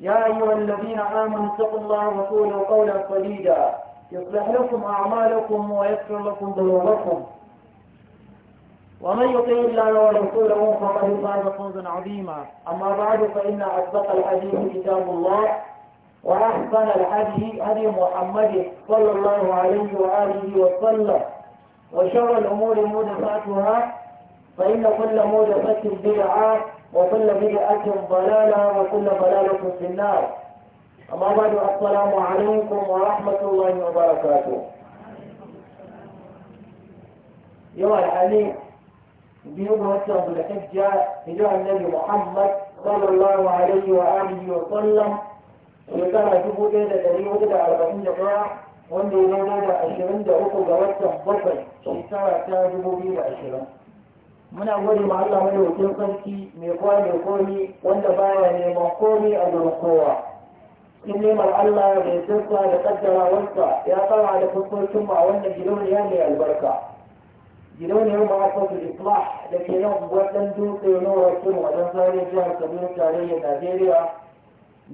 يا أيها الذين آمنوا اتقوا الله وقولوا قولا سديدا يصلح لكم أعمالكم ويغفر لكم ذنوبكم ومن يطيع الله ورسوله فقد فاز فوزا عظيما أما بعد فإن أصدق الحديث كتاب الله وأحسن الحديث هدي محمد صلى الله عليه وآله وسلم وشر الأمور محدثاتها فإن كل محدثة بدعة وكل فيه أجل ضلالة وكل ضلالة في النار أما بعد السلام عليكم ورحمة الله وبركاته يوم الحليم بيوم هسلم الحجة إلى النبي محمد صلى الله عليه وآله وسلم وكان يجبه إيدا دليل وقدا على بطن جفاع وانده يجبه إيدا أشرين دعوه قوة وقتا بطن شكرا يجبه إيدا أشرين muna gode ma Allah mai wakil sarki mai kowa mai komi wanda baya neman komi a gurin kowa in neman Allah mai sirka da kaddara wasa ya fara da fuskokin a wannan gidauniya mai albarka gidauniyar ma'aikatar islah da ke nan unguwar dutse na wakil wajen tsarin jihar kaduna tarayyar najeriya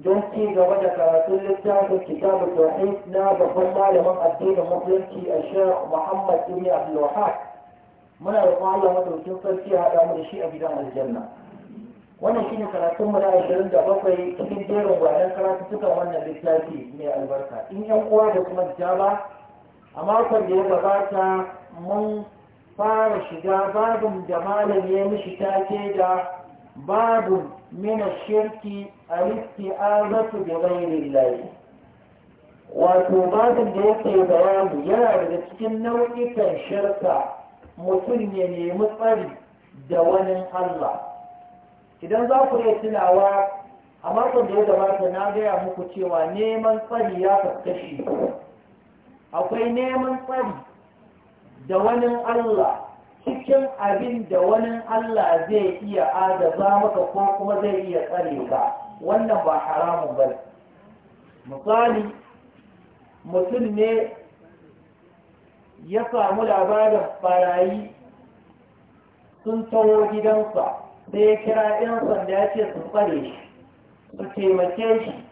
don ci gaba da karatun littafin kitabu tauhid na babban malamin addinin musulunci a shek muhammad ibn abdulwahab muna da kuma Allah madaukin sarki ya haɗa mu da shi a gidan aljanna wannan shine karatun mu na ashirin da bakwai cikin jerin gwanan karatuttukan wannan littafi mai albarka in yan uwa da kuma jaba a makon da ya gabata mun fara shiga babin da malam ya mishi take da babin mina shirki a a istiazatu da ghairi layi. wato babin da ya yake bayani yana daga cikin nau'ikan shirka mutum ya nemi tsari da wani Allah idan za ku iya tunawa a makon da ya gabata na gaya muku cewa neman tsari ya kaskashi akwai neman tsari da wani Allah cikin abin da wani Allah zai iya adaza maka ko kuma zai iya tsare ka wannan ba haramun ba misali mutum ne ya samu labarin farayi sun taho gidansa da ya kira 'yan sanda ya ce su tsare shi su taimake shi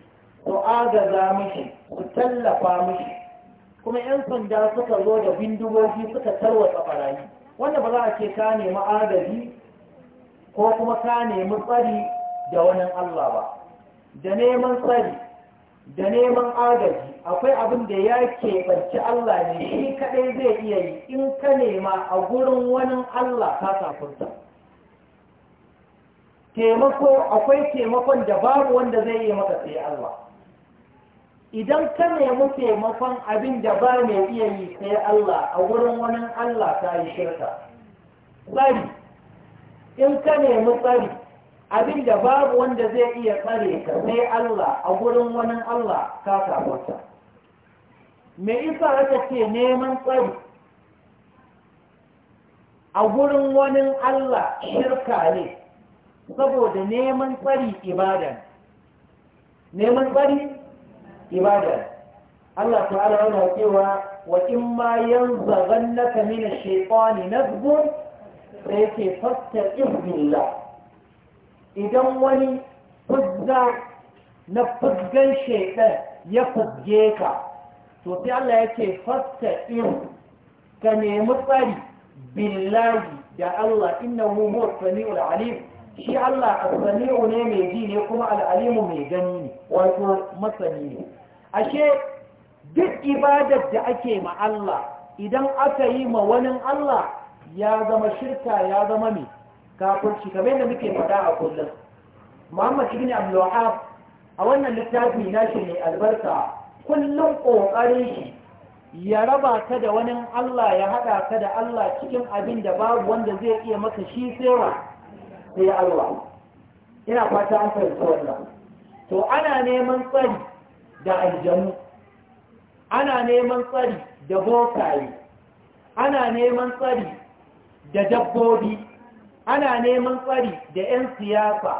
su agaza mishi su tallafa mishi kuma 'yan sanda suka zo da bindigogi suka tarwatsa barayi wanda ba za a ce ka nemi agaji ko kuma ka nemi tsari da wani Allah ba da neman tsari da neman agaji akwai abin da ya keɓanci Allah ne shi kaɗai zai iya yi in ka nema a gurin wani Allah ka kafinta taimako akwai taimakon da babu wanda zai yi maka sai Allah idan ka nemi taimakon abin da ba mai iya yi sai Allah a wurin wani Allah ta yi shirka tsari in ka nemi tsari abin da babu wanda zai iya tsare ka sai Allah a gurin wani Allah ka kafarta me isa aka ce neman tsari a gurin wani Allah shirka ne saboda neman tsari ibada neman tsari ibada Allah ta'ala yana cewa wa in ma yanzaghannaka min Shekwani shaytani nazghun sai ce fastaqim billah idan wani fuzza na fuzgan shaidan ya fuzge ka to sai Allah ya ce fasta in ka nemi tsari billahi da Allah inna huwa samiul alim shi Allah as-sami'u ne mai ji ne kuma al mai gani ne wato masani ne ashe duk ibadar da ake ma Allah idan aka yi ma wani Allah ya zama shirka ya zama mai kafirci kamar yadda muke faɗa a kullum muhammad ibn abdulwahab a wannan littafi na shi ne albarka kullum ƙoƙarin shi ya raba ka da wani allah ya haɗa ka da allah cikin abin da babu wanda zai iya maka shi tsera sai alwa ina fata an fahimci wannan to ana neman tsari da aljanu ana neman tsari da bokaye ana neman tsari da dabbobi ana neman tsari da 'yan siyasa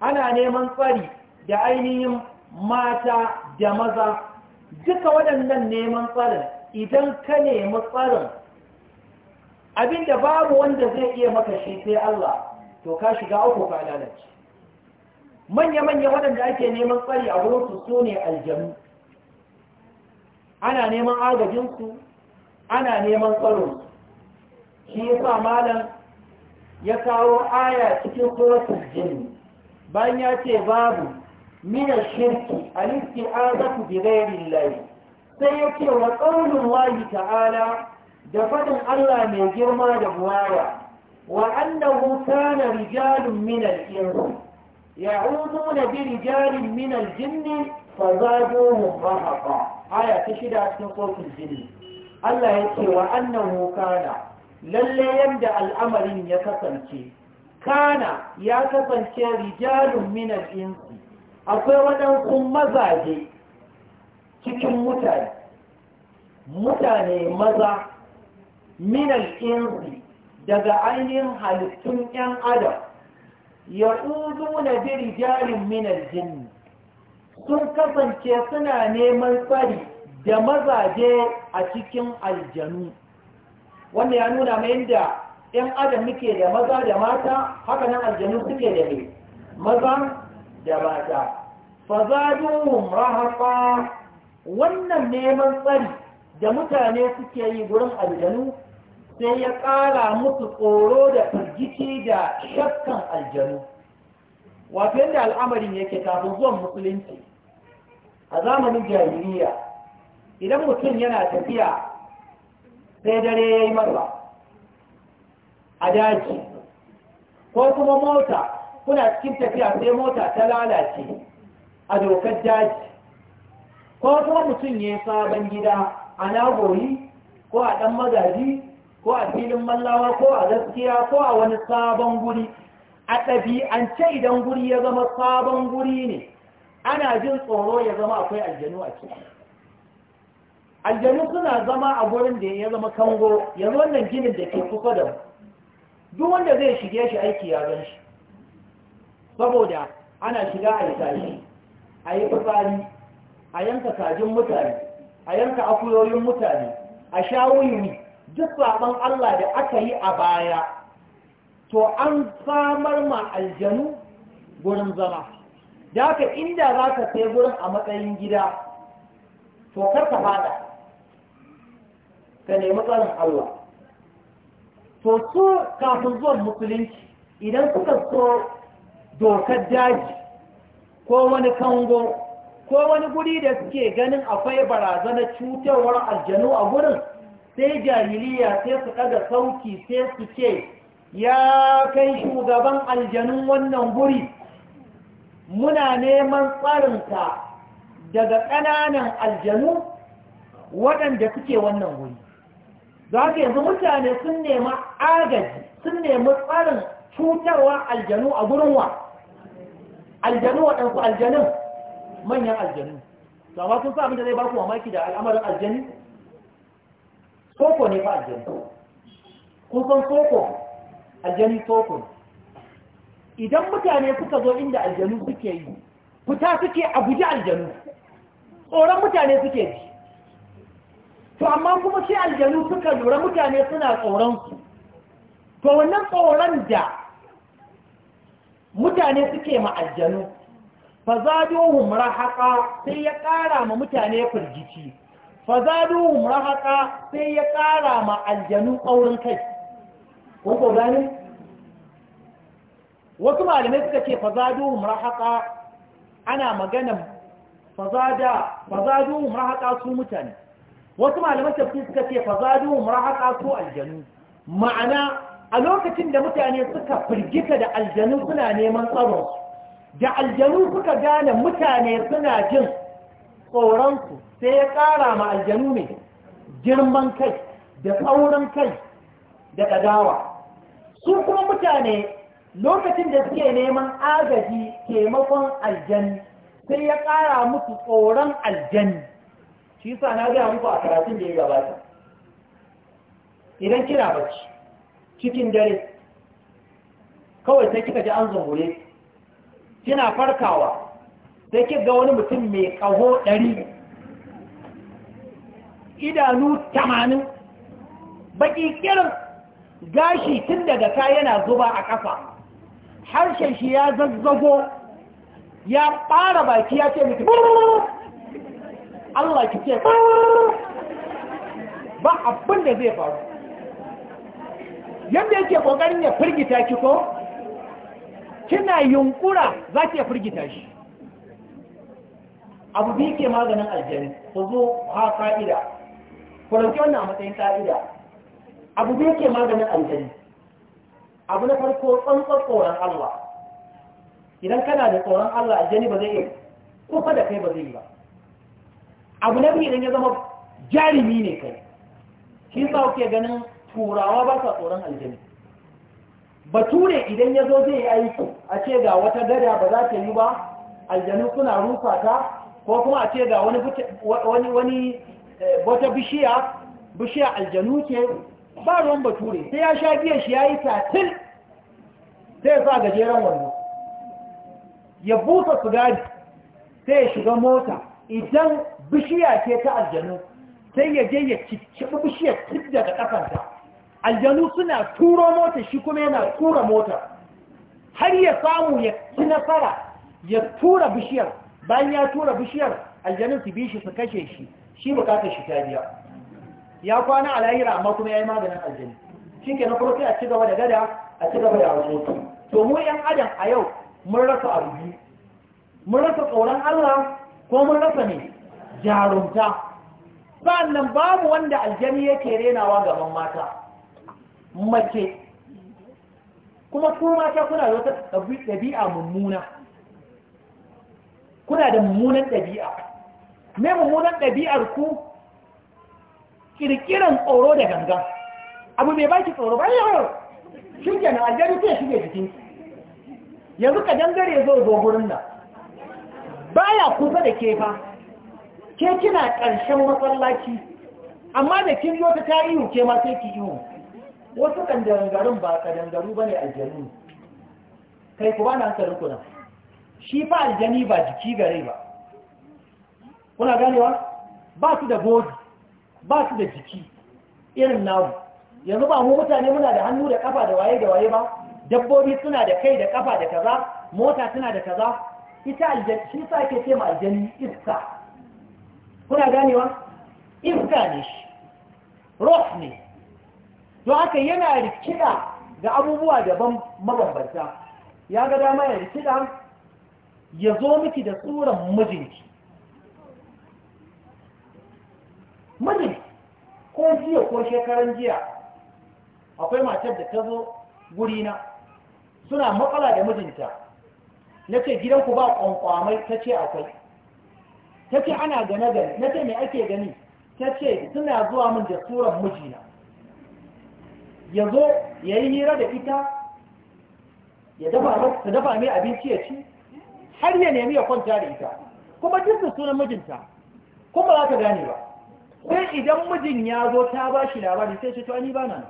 ana neman tsari da ainihin mata da maza duka waɗannan neman tsarin idan ka nemi tsarin abinda babu wanda zai iya maka shi sai Allah to ka shiga uku ka lalace manya-manya waɗanda ake neman tsari a wurin su ne aljanu ana neman agajinsu ana neman tsaro, shi yasa malam ya kawo aya cikin suratul jini. bayan ya ce babu min shirki a istiazatu bi ghairi llahi sai ya ce wa qaulun lahi ta'ala da faɗin Allah mai girma da buwaya wa annahu kana rijalun min al-insi ya'uduna bi rijalin min al-jinni fazaduhum rahaqa aya ta shida cikin suratul jini. Allah ya ce wa annahu kana lalle yadda al'amarin ya kasance kana ya kasance rijalun minar insu akwai waɗansu mazaje cikin mutane mutane maza minar insu daga ainihin halittun 'yan adam ya uzu na rijalun minar jini sun kasance suna neman tsari da mazaje a cikin aljanu wanda ya nuna mai yadda 'yan adam muke da maza da mata haka nan aljanu suke da mai maza da mata fazaduhum rahafa wannan neman tsari da mutane suke yi wurin aljanu sai ya ƙara musu tsoro da firgici da shakkan aljanu wato yadda al'amarin yake kafin zuwan musulunci a zamanin jami'iyya idan mutum yana tafiya sai dare ya yi marwa a daji ko kuma mota kuna cikin tafiya sai mota ta lalace a dokar daji ko kuma mutum ya sabon gida a nagori, ko a ɗan magaji ko a filin mallawa ko a gaskiya ko a wani sabon guri a ɗabi'ance idan guri ya zama sabon guri ne ana jin tsoro ya zama akwai aljanu a ciki aljanu suna zama a gurin da ya zama kango yanzu wannan ginin da ke kusa da duk wanda zai shige shi aiki ya zan shi saboda ana shiga a yi tashi a yi fitsari a yanka kajin mutane a yanka akuyoyin mutane a sha wuyuni duk saban Allah da aka yi a baya to an samar ma aljanu gurin zama da haka inda za ka sai gurin a matsayin gida to karka fada ka nemi tsarin Allah to su kafin zuwan musulunci idan suka so dokar daji ko wani kango ko wani guri da suke ganin akwai barazanar cutarwar aljanu a gurin sai jahiliya sai su ɗaga sauki sai su ce ya kai shugaban aljanun wannan guri muna neman tsarinka daga ƙananan aljanu waɗanda suke wannan guri da haka yanzu mutane sun nemi agaji sun nemi tsarin cutarwa aljanu a gurin wa aljanu waɗansu aljanun manyan aljanu to sun sa abin da zai baku mamaki da al'amarin aljani soko ne fa aljani kun san soko aljani soko idan mutane suka zo inda aljanu suke yi fita suke a guji aljanu tsoron mutane suke ji to amma kuma sai aljanu suka lura mutane suna tsoron su to wannan tsoron da mutane suke ma aljanu fa zaduhum rahaqa sai ya kara ma mutane firgici fa zaduhum rahaqa sai ya kara ma aljanu aurin kai ko ko gani wasu malamai suka ce fa zaduhum rahaqa ana magana fa zada fa zaduhum rahaqa su mutane wasu malaman tafsir suka ce fa zadu murahaka ko aljanu ma'ana a lokacin da mutane suka firgita da aljanu suna neman tsaron da aljanu suka gane mutane suna jin tsoronsu sai ya kara ma aljanu ne girman kai da saurin kai da ɗagawa su kuma mutane lokacin da suke neman agaji taimakon aljani sai ya ƙara musu tsoron aljani shi sa na gaya muku a karatun da ya gabata idan kina bacci cikin dare kawai sai kika ji an zungure kina farkawa sai kika ga wani mutum mai kaho ɗari idanu tamanin baƙi kirin gashi tun daga ka yana zuba a ƙafa harshen shi ya zazzago ya ɓara baki ya ce mutum Allah ki ce ah! ba abin da zai faru yadda yake kokarin ya firgita ki ko kina yunkura za ki ya firgita shi abu biyu ke maganin aljani ku zo ha ka'ida ku rauki wannan a matsayin ka'ida abu biyu ke maganin aljani abu na farko tsantsar tsoron Allah idan kana da tsoron Allah aljani ba zai yi kufa da kai ba zai yi ba abu na biyu idan ya zama jarumi ne kai shi sa kuke ganin turawa ba sa tsoron aljani bature idan ya zo zai yi aiki a ce ga wata gada ba za ta yi ba aljanu suna rufa ta ko kuma a ce ga wani wani eh, wata bishiya bishiya aljanu ke, ba ruwan bature sai ya sha biya shi ya yi tatil sai ya sa gajeren wando ya busa sigari sai ya shiga mota idan bishiya ce ta aljanu sai ya je ya bishiyar tun daga ta aljanu suna turo mota shi kuma yana tura mota har ya samu ya ci nasara ya tura bishiyar bayan ya tura bishiyar aljanun su bi shi su kashe shi shi bukatar shi ta biya ya kwana a lahira amma kuma ya yi maganin aljanu shi ke na kuma sai a ci gaba da gada a ci gaba da wasu to mu yan adam a yau mun rasa abu mun rasa tsoron allah ko mun rasa ne jarumta sannan babu wanda aljani yake renawa gaban mata mace kuma ku mata kuna da wata ɗabi'a mummuna kuna da mummunan ɗabi'a me mummunan ɗabi'ar ku kirkiran tsoro da gangan abu mai baki tsoro ba yawon shi ke na aljani ke shige jikin yanzu ka dangare zo zo gurin nan baya kusa da kefa ke kina ƙarshen matsalaki amma da kin zo ta tarihu ke ma sai ki yiwu. wasu ƙandarangarin ba dangaru ba ne aljanu kai ku ba na hankalin kuna shi fa aljani ba jiki gare ba kuna ganewa ba su da godi ba su da jiki irin namu yanzu ba mu mutane muna da hannu da kafa da waye da waye ba dabbobi suna da kai da kafa da kaza mota suna da kaza ita aljani shi sa ke ce ma aljani iska kuna ganewa iska ne shi roh ne don haka yana rikida ga abubuwa daban mabambanta ya ga dama ya rikida ya zo miki da tsoron mijinki mijin ko jiya ko shekaran jiya akwai matar da ta zo gurina suna matsala da mijinta na ce gidanku ba kwankwamai ta ce akwai ta ce ana gane gane na ce mai ake gani ta ce suna zuwa min da suran mijina ya zo ya yi hira da ita ya dafa mai abinci ya ci har ya nemi ya kwanta da ita kuma jinsin sunan mijinta kuma za ta gane ba sai idan mijin ya zo ta ba shi labari sai shi to ni ba nan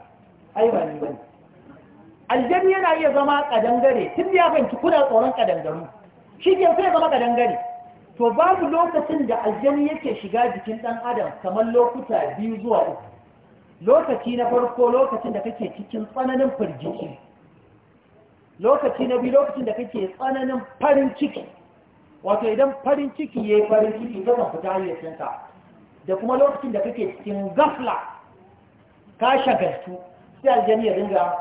ai ba ni ba ne aljani yana iya zama kadangare tun ya fahimci kuna tsoron kadangaru shi ke sai zama kadangare to babu lokacin da aljani yake shiga jikin ɗan adam kamar lokuta biyu zuwa uku lokaci na farko lokacin da kake cikin tsananin firgici lokaci na biyu lokacin da kake tsananin farin ciki wato idan farin ciki ya yi farin ciki zama fita hayyacinka da kuma lokacin da kake cikin gafla ka shagaltu sai aljani ya ringa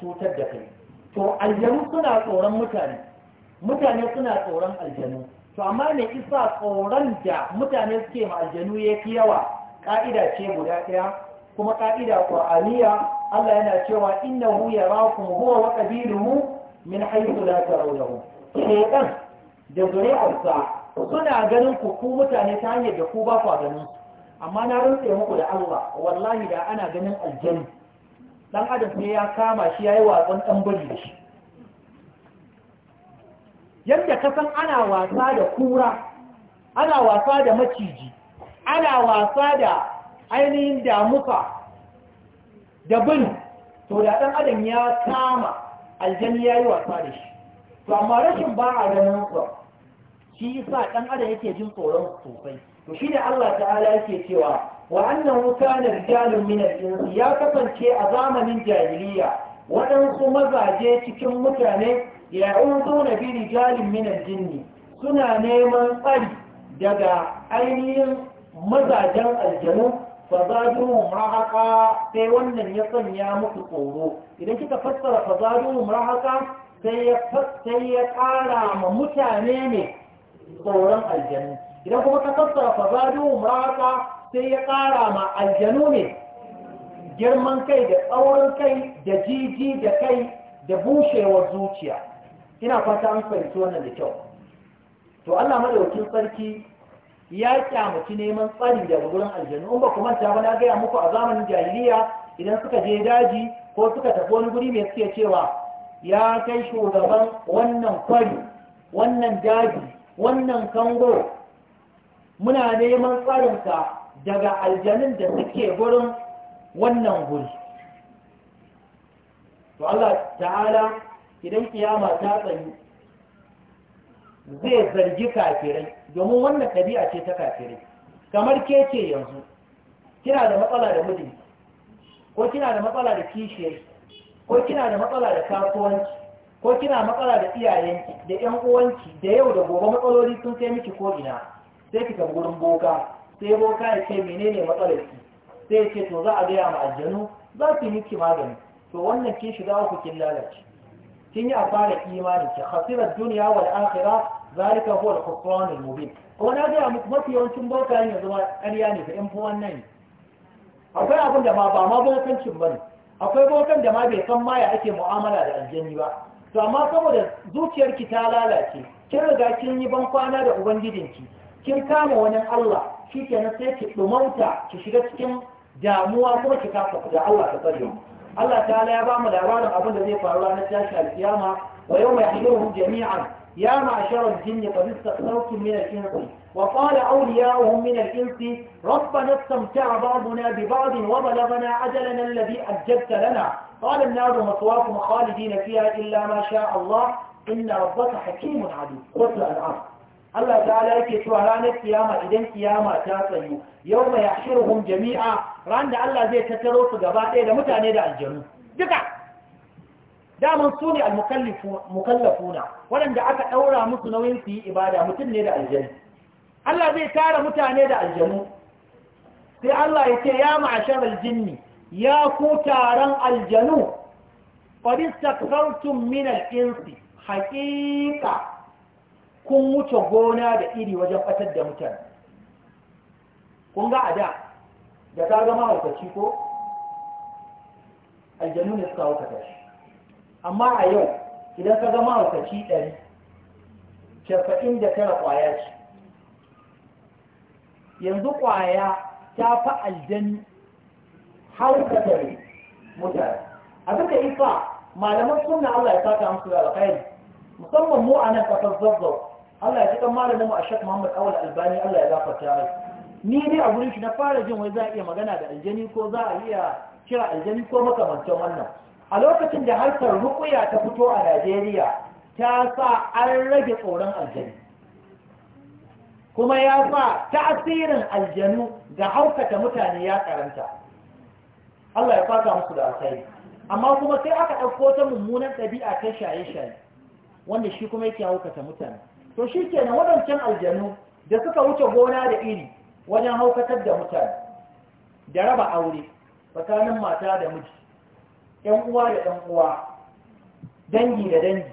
cutar da kai to aljanu suna tsoron mutane mutane suna tsoron aljanu to amma ne isa tsoron da mutane suke aljanu ya fi yawa ƙa'ida ce guda ɗaya kuma ƙa'ida ƙwa'aniya Allah yana cewa inna hu ya rakun huwa wa mu, min haihu la ta shedan da zuri'arsa suna ganin ku ku mutane ta hanyar da ku ba ku ganin amma na yi muku da Allah wallahi da ana ganin aljanu dan adam ne ya kama shi yayi watsan dan bari da shi yadda ka san ana wasa da kura ana wasa da maciji ana wasa da ainihin damuka da bin to da ɗan adam ya kama aljani ya yi wasa da shi to amma rashin ba a ganin sa shi sa ɗan adam yake jin tsoron sosai to shi da Allah ta'ala yake cewa wa annan kana rijalun min ya kasance a zamanin jahiliya waɗansu mazaje cikin mutane ya'uduna bi rijalin min al suna neman tsari daga ainihin mazajen aljanu fa rahaqa sai wannan ya sanya musu tsoro idan kika fassara fa rahaqa sai ya sai ya kara ma mutane ne tsoron aljanu idan kuma ka fassara fa rahaqa sai ya kara ma aljanu ne girman kai da tsaurin kai da jiji da kai da bushewar zuciya ina fata an fahimci wannan da kyau to Allah madaukakin sarki ya kyamaci neman tsari daga gurin aljanu in ba ku manta ba na gaya muku a zamanin jahiliya idan suka je daji ko suka tafi wani guri mai suke cewa ya kai shugaban wannan kwari wannan daji wannan kango muna neman tsarinka daga aljanun da suke gurin wannan guri to Allah ta'ala idan kiyama ta tsayi zai zargi kafirai domin wannan ɗabi'a ce ta kafirai kamar ke ce yanzu kina da matsala da mijin ko kina da matsala da kishiyar ko kina da matsala da kasuwanci ko kina matsala da iyayenki da ƴan uwanki da yau da gobe matsaloli sun kai miki ko ina sai kika gurin boka sai boka ya ce menene matsalar ki sai ya ce to za a gaya ma aljanu za su yi miki magani to wannan kishi shiga ku kin lalace sun yi fara imanin ki khasirar duniya wal akhira zalika huwa al khusran al mubin ko na ga muku mafi yawancin bokayen yanzu ma ƙarya ne da yan wannan nan akwai abin da ma ba ma cin bane akwai bokan da ma bai san ma ya ake mu'amala da aljanni ba to amma saboda zuciyar ki ta lalace kin riga kin yi ban kwana da ubangijinki kin kama wani Allah na sai ki dumauta ki shiga cikin damuwa kuma ki kafa da Allah ta tsare Allah ta'ala ya bamu labarin abin da zai faru ranar tashi alkiyama wa yawma yahduruhum jami'an ya ma'shara al-jinn qad istaqsawtum min al-insi wa qala awliya'uhum min al babu na istamta'a ba'duna bi ba'd wa na ajalana a ajjalta lana qala an-naru maswaakum na fiha illa ma sha Allah inna rabbaka hakimun 'alim qul Allah ta'ala yake cewa ranar kiyama idan kiyama ta tsayu yau mai yashiruhum jami'a ran da Allah zai tattaro su gaba ɗaya da mutane da aljanu duka daman su ne almukallafuna waɗanda aka ɗaura musu nauyin su yi ibada mutum ne da aljanu Allah zai tara mutane da aljanu sai Allah ya ce ya ma'ashar aljinni ya ku taron aljanu qad istakfartum min al-insi haqiqa kun wuce gona da iri wajen ɓatar da mutane kun ga a da da ka gama haukaci ko aljanu ne suka haukata shi amma a yau idan ka gama haukaci ɗari casa'in da tara ƙwaya ce yanzu ƙwaya ta fi aljanu haukata ne mutane a duka ifa malaman suna Allah ya saka musu da alkhairi musamman mu a nan kasar zazzau Allah ya cikin malamin mu a shek Muhammad Awal Albani Allah ya gafarta mai ni dai a gurin shi na fara jin wai za a iya magana da aljani ko za a iya kira aljani ko makamancin wannan a lokacin da harkar rukuya ta fito a Najeriya ta sa an rage tsoron aljani kuma ya sa tasirin aljanu ga haukata mutane ya karanta Allah ya fata musu da alkhairi amma kuma sai aka ɗauko ta mummunan ɗabi'a ta shaye-shaye wanda shi kuma yake haukata mutane to shi kenan waɗancan aljanu da suka wuce gona da iri wajen haukatar da mutane da raba aure tsakanin mata da miji ‘yan uwa da ‘yan uwa dangi da dangi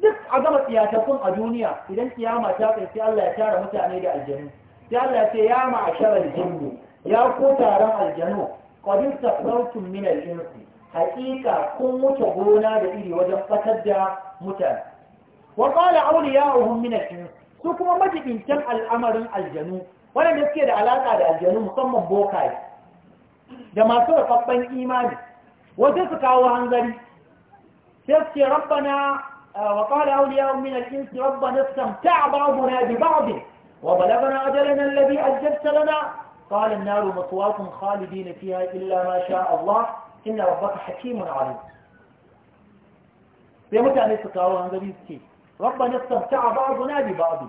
duk a gama tsiyatakun a duniya idan kiyama ta kai sai Allah ya tara mutane da aljanu sai Allah ya ce ya ma'asharal jinni ya ko taron aljanu qadin tasawtum min al-insi haqiqa kun wuce gona da iri wajen fatar da mutane wa qala awliya'uhum min al-ins su kuma majibintan al'amarin aljanu waɗanda suke da alaka da aljanu musamman bokaye da masu rafafan imani wasu su kawo hanzari sai su ce rabbana eh, wa qala awliya'uhum min al-ins rabbana istamta'a ba'duna bi قال النار مطواكم خالدين فيها إلا ما شاء الله إن ربك حكيم عليم sai mutane su kawo hanzari su rabbana istamta'a ba'duna bi ba'd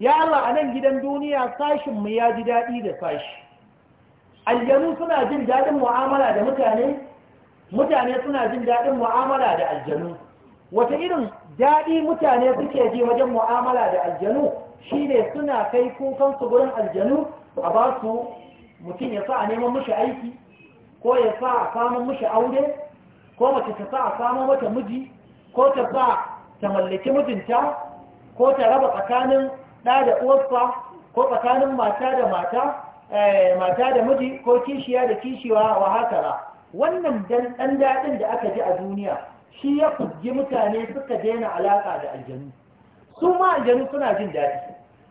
ya Allah a nan gidan duniya sashin mu ya ji dadi da sashi aljanu suna jin dadin mu'amala da mutane mutane suna jin dadin mu'amala da aljanu wata irin dadi mutane suke ji wajen mu'amala da aljanu shine suna kai kukan su gurin aljanu a ba su mutum ya sa a neman mishi aiki ko ya sa a samun mishi aure ko mace ta sa a samun mata miji ko ta sa ta mallaki mijinta ko ta raba tsakanin ɗa da uwarsa ko tsakanin mata da mata eh, mata da miji ko kishiya da kishiwa wa hakara wannan ɗan daɗin da aka ji a duniya shi ya fujji mutane suka daina alaƙa da aljanu su ma aljanu suna jin daɗi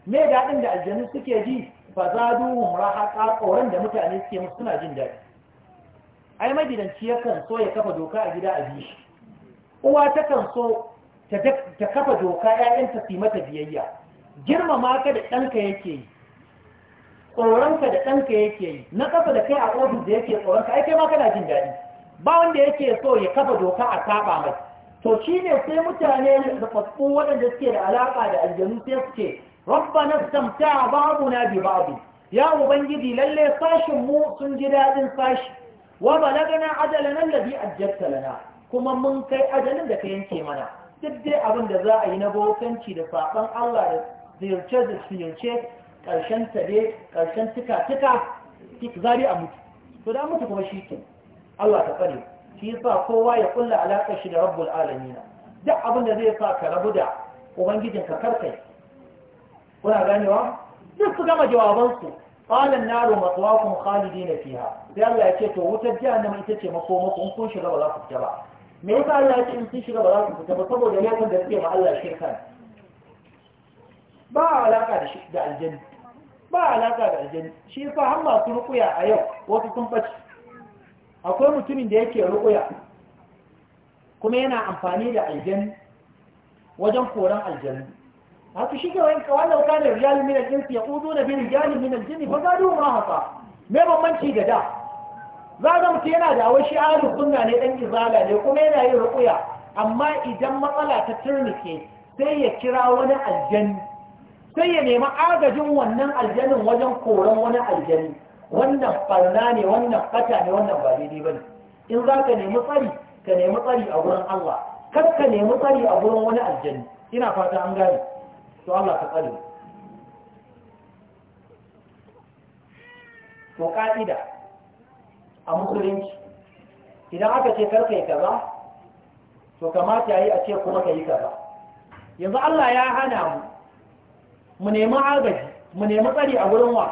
me daɗin da aljanu suke ji ba za duhun rahaƙa da mutane suke musu suna jin daɗi ai magidanci yakan so ya kafa doka a gida a bishi uwa ta kan so ta kafa doka ‘ya'yanta su mata biyayya girmama ka da ɗanka yake yi tsoronka da ɗanka yake yi na kafa da kai a ofis da yake tsoronka ai kai ma kana jin daɗi ba wanda yake so ya kafa doka a saba mai to shi ne sai mutane da fasfu waɗanda suke da alaƙa da aljanu sai su ce rabba na samta babu na bi abu ya ubangiji lalle sashin mu sun ji daɗin sashi wa balagana ajalan allazi ajjalta lana kuma mun kai ajalin da ka yanke mana duk dai abin da za a yi na bokanci da saɓon Allah da ziyarce da ziyarce ƙarshen tare ƙarshen tuka tuka zari a mutu to da mutu kuma shi ke Allah ta tsare shi yasa kowa ya kulla alaƙar shi da rabbul alamin duk abin da zai sa ka rabu da ubangijin ka karkai kuna ganewa duk su gama jawabansu qalan naru matwakum khalidina fiha sai Allah ya ce to wutar jahannama ita ce makomaku in kun shiga ba za ku fita ba me yasa Allah ya ce in sun shiga ba za su fita ba saboda laifin da suke ma Allah shirka ba alaka da da aljanna ba alaka da aljanna shi yasa har su rukuya a yau wasu sun bace akwai mutumin da yake rukuya kuma yana amfani da aljanna wajen koran aljanna haka shi ke wani kawai lauka da rijalin minan jinsi ya ƙuzo da bin rijalin minan jini ba za ma haka me bambanci da da za ga mutum yana da awai shi ahlus sunna ne dan izala ne kuma yana yin ruqya amma idan matsala ta turnike sai ya kira wani aljani sai ya nemi agajin wannan aljanin wajen koran wani aljani wannan farna ne wannan kata ne wannan ba daidai ba ne in za ka nemi tsari ka nemi tsari a wurin Allah kar ka nemi tsari a wurin wani aljani ina fata an gane to Allah ka tsare to ka'ida a musulunci idan aka ce karka yi kaza to kamata yi a ce kuma ka yi kaza yanzu Allah ya hana mu mu nemi agaji mu nemi tsari a gurin wa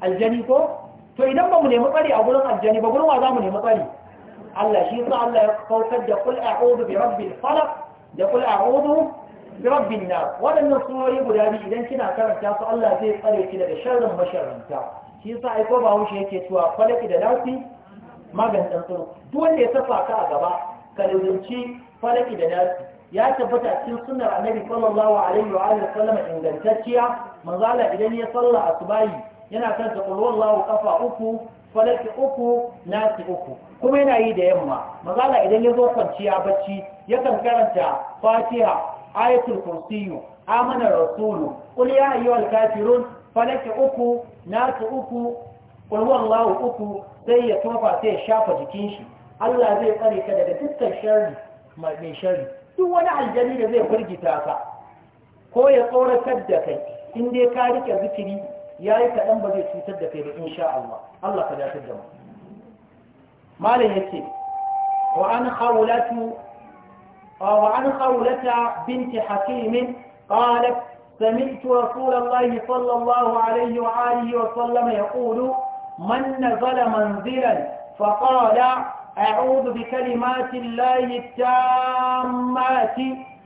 aljani ko to idan ba mu nemi tsari a gurin aljani ba gurin wa za mu nemi tsari Allah shi sa Allah ya kaukar da kul a'udhu bi rabbil falaq da kul a'udhu bi rabbin nar wadannan surori guda biyu idan kina karanta su Allah zai tsare ki daga sharrin masharranta shi yasa aiko ba wuce yake cewa falaki da nafi magan dan duk wanda ya safa ka a gaba ka falaki da nafi ya tabbata cikin sunnar annabi sallallahu alaihi wa alihi wasallam ingantacciya manzala idan ya salla asubahi yana kan ta qul wallahu qafa uku falaki uku nasi uku kuma yana yi da yamma manzala idan ya zo kwanciya bacci yakan karanta fatiha ayatul kursiyyu amana rasulu qul ya ayyuhal kafirun falaki uku naka uku ƙulwan lawo uku sai ya tofa sai ya shafa jikin shi Allah zai tsare ka daga dukkan sharri mai sharri duk wani aljani da zai firgita ka ko ya tsoratar da kai in dai ka rike zikiri ya yi kaɗan ba zai cutar da kai ba insha Allah Allah ka dace da mu malam yace wa an wa an haulata binti hakimin qalat سمعت رسول الله صلى الله عليه وآله وسلم يقول من نزل منزلا فقال أعوذ بكلمات الله التامات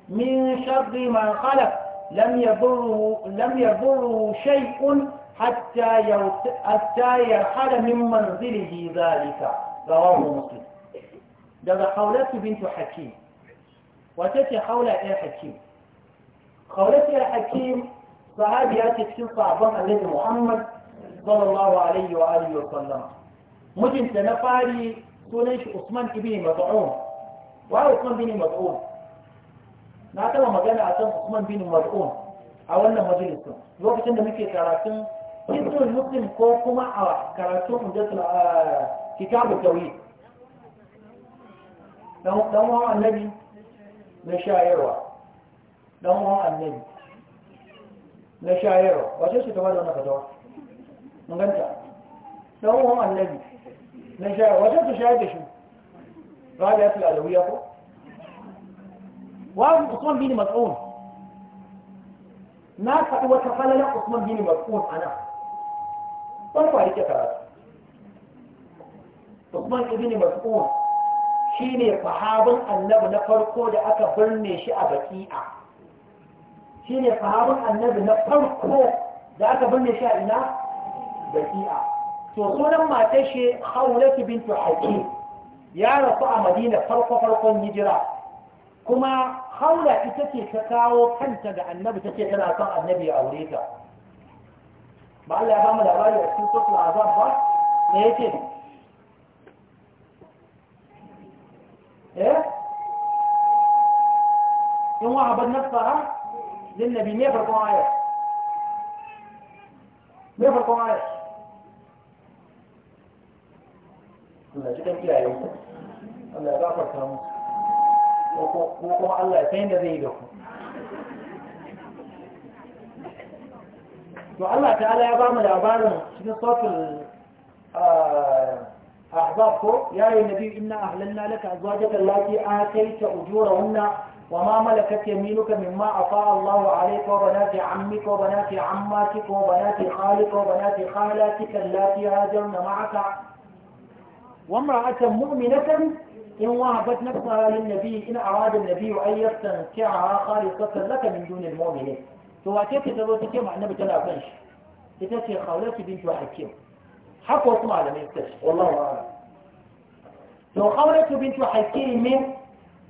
من شر ما خلق لم يضره, لم يضره شيء حتى حتى يرحل من منزله ذلك رواه مسلم هذا حولات بنت حكيم وتاتي حول إيه حكيم خولتي حكيم صحابياتي في صعبان النبي محمد صلى الله عليه وآله وسلم مجن تنفاري سونيش عثمان ابن مضعون مطعوم وعثمان بن مطعوم نعتبر مجانا عشان عثمان بن مطعوم a wannan majalisun lokacin da muke karatun hizbul muslim ko kuma a karatun indatul kitabu tauhid dan dan wa annabi mai shayarwa don wọn annabi na shayarwa wace ce ta bada wani fatawa mun ganta dan uwan annabi na shayarwa wace su shayar da shi rabi'a fi alawiya ko wa Usman bini Mas'ud na faɗi wata falalar Usman bini Mas'ud ana ban kwari ke karatu Usman ibn shi shine fahabin annabi na farko da aka birne shi a Baki'a shi ne sahabin annabi na farko da aka binne shi a ina baki'a to sunan matar shi haulatu bintu hakim ya rasu a madina farko farkon hijira kuma haula ita ce ta kawo kanta ga annabi ta ce tana son annabi ya aure ta ba Allah ya ba mu labari a cikin sosul azab ba me yake eh in wa habar nafsa للنبي مئة فرقوا آية. معايا مئة فرقوا معايا الله شكرا الله تعالى يا بابا يا بابا شنو صوت آه، أحبابكم يا النبي إنا أهلنا لك أزواجك التي آتيت أجورهن وما ملكت يمينك مما أفاء الله عليك وبنات عمك وبنات عماتك وبنات خالك وبنات خالاتك اللاتي هاجرن معك وامرأة مؤمنة إن وهبت نفسها للنبي إن أراد النبي أن يستنكعها خالصة لك من دون المؤمنين to ce ta مع النبي ma annabi tana kan shi ita ce khawlatu bintu hakim haka wasu malamai suka ce wallahi a'lam to khawlatu bintu hakim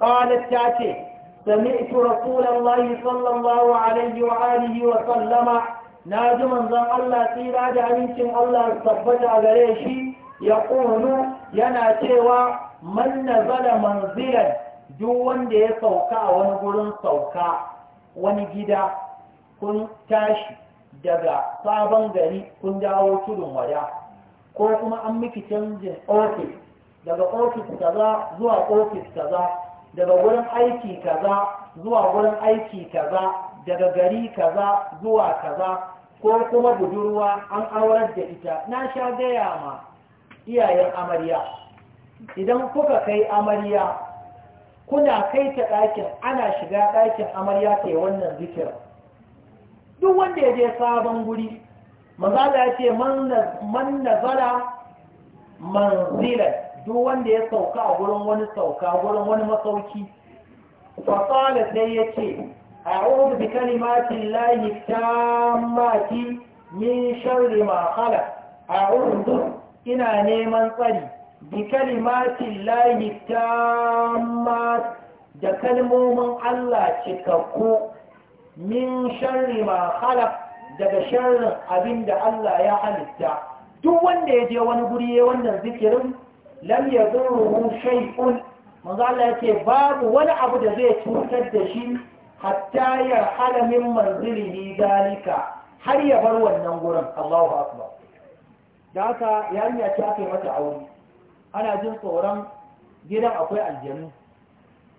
qalat سمعت رسول الله صلى الله عليه وآله وسلم ناجما ذا الله سيرا جعلين الله استبدع غريشي يقول ينا تيوى من نزل منزلا دون دي سوكا ونقول سوكا ونجدا كن تاشي daga sabon gari kun dawo tudun wada ko kuma an miki canjin ofis daga ofis kaza zuwa ofis kaza daga wurin aiki kaza zuwa wurin aiki kaza daga gari kaza zuwa kaza ko kuma budurwa an aurar da ita na sha gaya ma iyayen amarya idan kuka kai amarya kuna kai ta ɗakin ana shiga ɗakin amarya ta yi wannan zikir duk wanda ya je sabon guri manzala ya ce man nazara manzilan duk wanda ya sauka a gurin wani sauka gurin wani masauki fasala sai ya ce a a'udhu bi kalimatin ta mati min shari ma a a'udhu ina neman tsari bi kalimatin ta tammat da kalmomin Allah cikakku min shari ma khalaq daga sharrin abinda Allah ya halitta duk wanda ya je wani guri ya wannan zikirin lam yadurruhu shay'un manzo Allah yake babu wani abu da zai cutar da shi hatta ya hala min manzilihi dalika har ya bar wannan gurin Allahu akbar da haka yarinya ce aka yi mata aure ana jin tsoron gidan akwai aljanu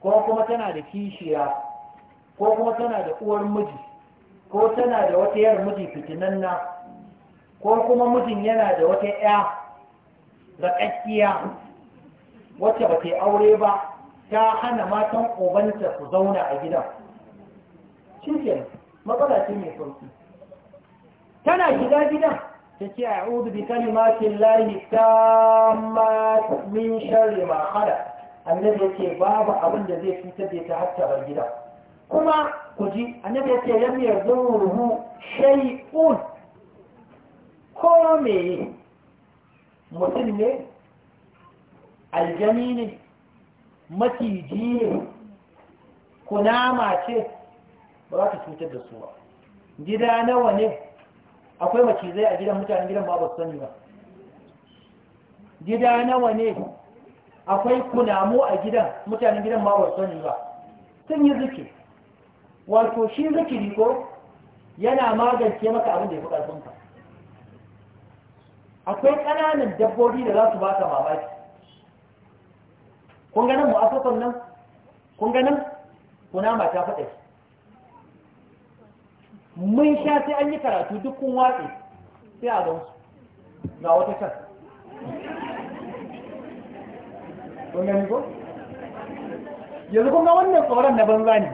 ko kuma tana da kishiya ko kuma tana da uwar miji ko tana da wata yar miji fitinanna ko kuma mijin yana da wata 'ya da ƙaƙƙiya wacce ba ta yi aure ba ta hana matan ubanta su zauna a gidan shi matsala ce mai sauki tana gida gidan ta ce a udu bi kalimatin layi ta min shari ma hada annabi ya ce babu abin da zai fitar da ta hatta bar gida kuma ku ji annabi ya ce lam yarzuruhu shay'un ko me mutum ne aljani ne maciji ne kunama ce ba za ta cutar da su ba gida nawa ne akwai macizai a gidan mutanen gidan ba ba sani ba gida nawa ne akwai kunamu a gidan mutanen gidan ba ba sani ba sun yi zuke wato shi zikiri ko yana magance maka abin da ya fi ƙarfinka akwai ƙananan dabbobi da za su ba ta mamaki kun ganin mu afirkan nan kun ganin kunama ta faɗa mun sha sai an yi karatu duk kun sai a gan ga wata can kun gani ko yanzu kuma wannan tsoron na banza ne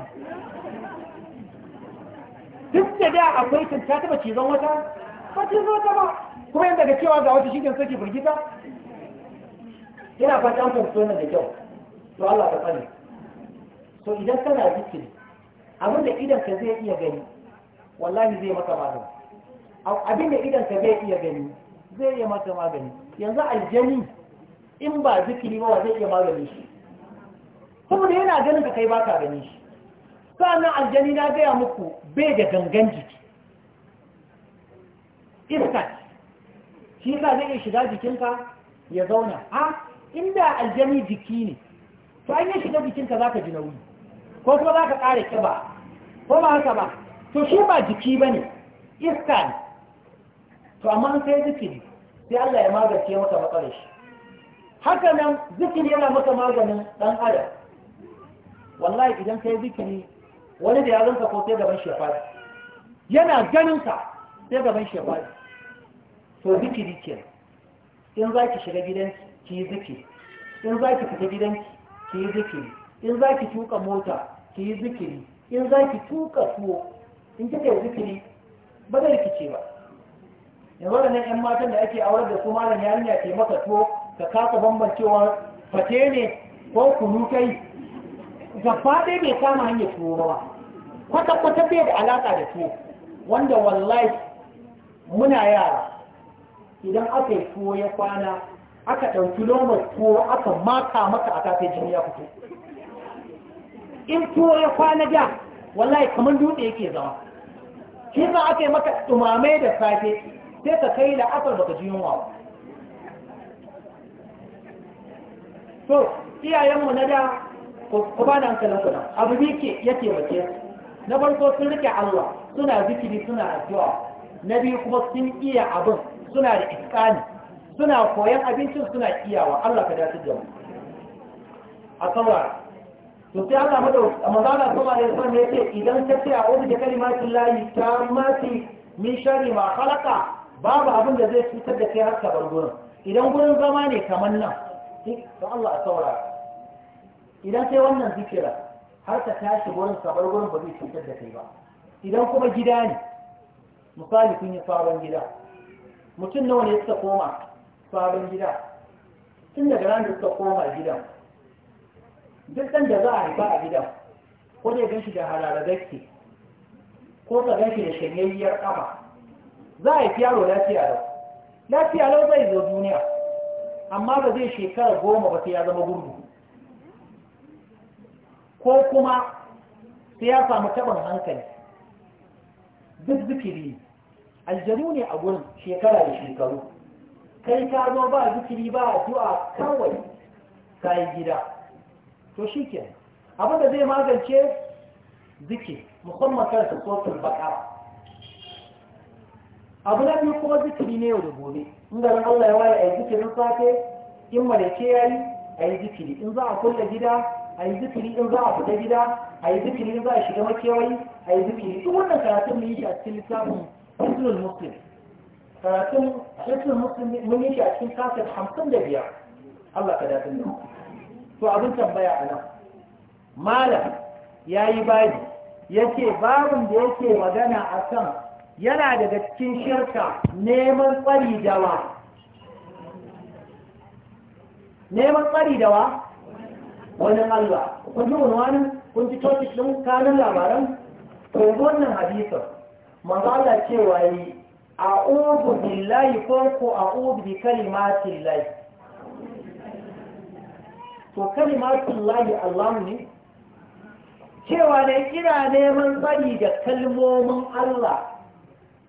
duk da da akwai ta taba cizon wata ba cizon wata ba kuma yadda ga cewa ga wata shigen sake firgita yana fata an fahimta wannan da kyau to Allah ka sani to idan kana zikiri abin da idan ka zai iya gani wallahi zai maka magani abin da idan ka zai iya gani zai iya maka magani yanzu aljani in ba zikiri ba zai iya magani shi kuma da yana ganin ka kai baka gani shi sannan aljani na gaya muku bai da gangan jiki iskat. shi yasa zai iya shiga jikinka ya zauna a inda aljami jiki ne to an ya shiga jikinka za ka ji nauyi ko kuma za ka ƙara ƙiba ko ba haka ba to shi ba jiki ba ne iska ne to amma an sai zikiri sai Allah ya magance maka matsalar shi haka nan zikiri yana maka maganin ɗan adam wallahi idan sai zikiri wani da ya zanka ko sai gaban shefari yana ganin ka sai gaban shefari to zikiri ke in za ki shiga gidanki ki yi zikiri in za ki fita gidanki ki yi zikiri in za ki tuka mota ki yi zikiri in za ki tuka tuwo in kika yi zikiri ba zai rikice ba yanzu waɗannan 'yan matan da ake awar da su malam yarinya ke maka tuwo ka kasa bambancewa fate ne ko kunu kai gaba ɗaya bai kama hanyar tuwo ba kwata-kwata bai da alaƙa da tuwo wanda wallahi muna yara idan aka yi tuwo ya kwana aka ɗauki lomar tuwo aka maka maka a kafin jini ya fito in tuwo ya kwana da wallahi kamar dutse yake zama shi ma aka yi maka ɗumamai da safe sai ka kai da asar baka ji yunwa ba to iyayenmu na da ku ba nan kalan abu ne ke ya na farko sun rike Allah suna zikiri suna addu'a na biyu kuma sun iya abin suna da iskani suna koyan abincin suna iyawa Allah ka dace da mu a saurara to sai Allah madau magana kuma da son ne ce idan ka ce a wani da kalimatin layi ta mati min shari ma khalaqa babu abin da zai cutar da kai har ka bar gurin idan gurin zama ne kamar nan to Allah a saurara idan sai wannan zikira har ka tashi gurin ka bar gurin ba zai cutar da kai ba idan kuma gida ne misali kun yi sabon gida mutum nawa ne suka koma sabon gida tun daga ran da suka koma gidan duk ɗan da za a haifa a gidan ko da ganshi da halararraki ko ka ganshi da shanyayyar ƙafa za a yi yaro lafiya lau lafiya lau zai zo duniya amma ba zai shekara goma ba ta ya zama gurgu ko kuma sai ya samu taɓin hankali duk zikiri aljanu ne a gurin shekara da shekaru kai ka zo ba zikiri ba addu'a kawai kayan gida to shi ke abin da zai magance zikir musamman kan su kotun baka abu na biyu kuma zikiri ne yau da gobe in garin allah ya waye a yi zikirin safe in malace ya yi a yi zikiri in za a kulle gida a yi zikiri in za a fita gida a yi zikiri in za a shiga makewayi a yi zikiri duk wannan karatun mu yi shi a cikin littafin hizbul muslim karatun hizbul a cikin kasar hamsin da biyar Allah ka daɗin da to abin tambaya a nan malam ya yi baji ya ce babin da yake magana a kan yana daga cikin shirka neman tsari dawa neman tsari dawa wani Allah kun ji unwanin kun ji topic ɗin kanun labaran ko wannan hadisin mazala cewa yi ubu billahi ko a ubu bi kalimatin lai to kalimatin lai Allah ne cewa ne ina neman tsari da kalmomin Allah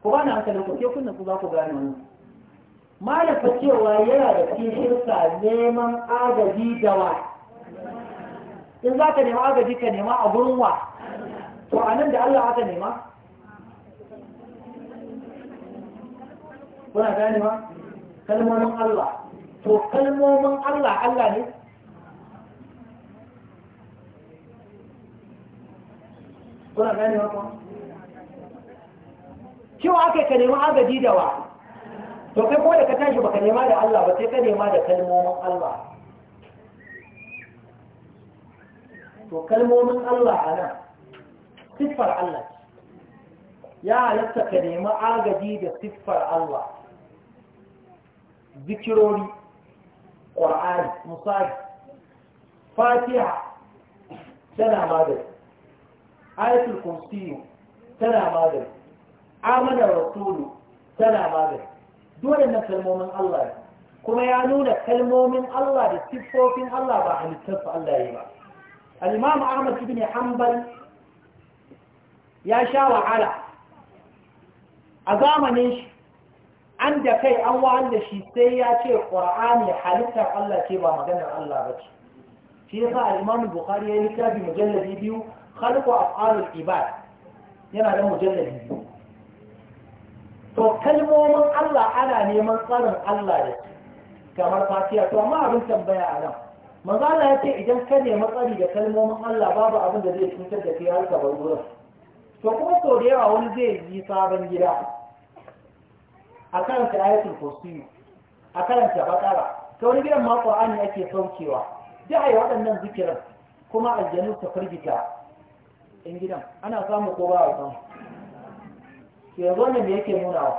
ku ba na hankali ku ke kunna ku za ku gane wannan malafa cewa yana da kishirka neman agaji da wa in za ka nema agaji ka nema a gurin wa to a nan da Allah aka nema kuna ma kalmomin Allah to kalmomin Allah Allah ne kuna ganewa kuma cewa aka ka nemi agaji da wa to kai ko da ka tashi baka nema da Allah ba sai ka nema da kalmomin Allah to kalmomin Allah a nan siffar Allah ya halatta ka nema agaji da siffar Allah zikirori ƙwar'ari musali fatiha tana magani ayatul kursiyu tana magani amana rasulu tana magani dole na kalmomin Allah ne kuma ya nuna kalmomin Allah da siffofin Allah ba halittarsu Allah ya yi ba Alimamu Ahmad ibn Hanbal ya sha wahala a zamanin shi an da kai an wa'an da shi sai ya ce ƙur'ani halittar Allah ce ba maganar Allah ba ce shi yasa al-Imam Bukhari ya littafi mujalladi biyu khalqu af'alul ibad yana da mujalladi biyu to kalmomin Allah ana neman tsarin Allah da su kamar fatiya to amma abin tambaya a nan manzo ya ce idan ka nemi tsari da kalmomin Allah babu abin da zai cutar da kai har ka bar wurin to kuma sau da yawa wani zai yi sabon gida a karanta ayatul kursiyu a karanta bakara ta wani gidan ma qur'ani ake saukewa da ayi waɗannan zikiran kuma aljannu ta firgita in gidan ana samu ko ba a samu ke yanzu wannan da yake nunawa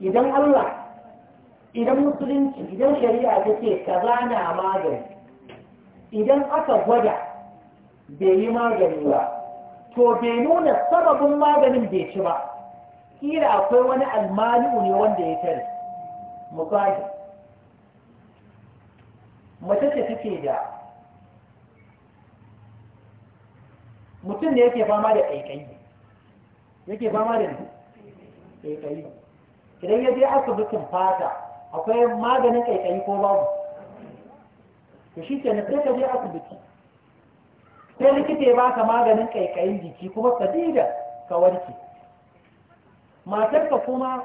idan Allah idan musulunci idan shari'a ta ce kaza na magani idan aka gwada bai yi magani ba to bai nuna sababin maganin bai ci ba kila akwai wani almali'u ne wanda ya tare mubahi mace ce take da mutum ne yake fama da ƙaiƙayi yake fama da ƙaiƙayi idan ya je asibitin fata akwai maganin ƙaiƙayi ko babu to shi ke na sai ka je asibiti sai likita ya baka maganin kaikayin jiki kuma sadida ka warke matarka kuma